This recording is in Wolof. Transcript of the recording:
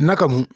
naka mu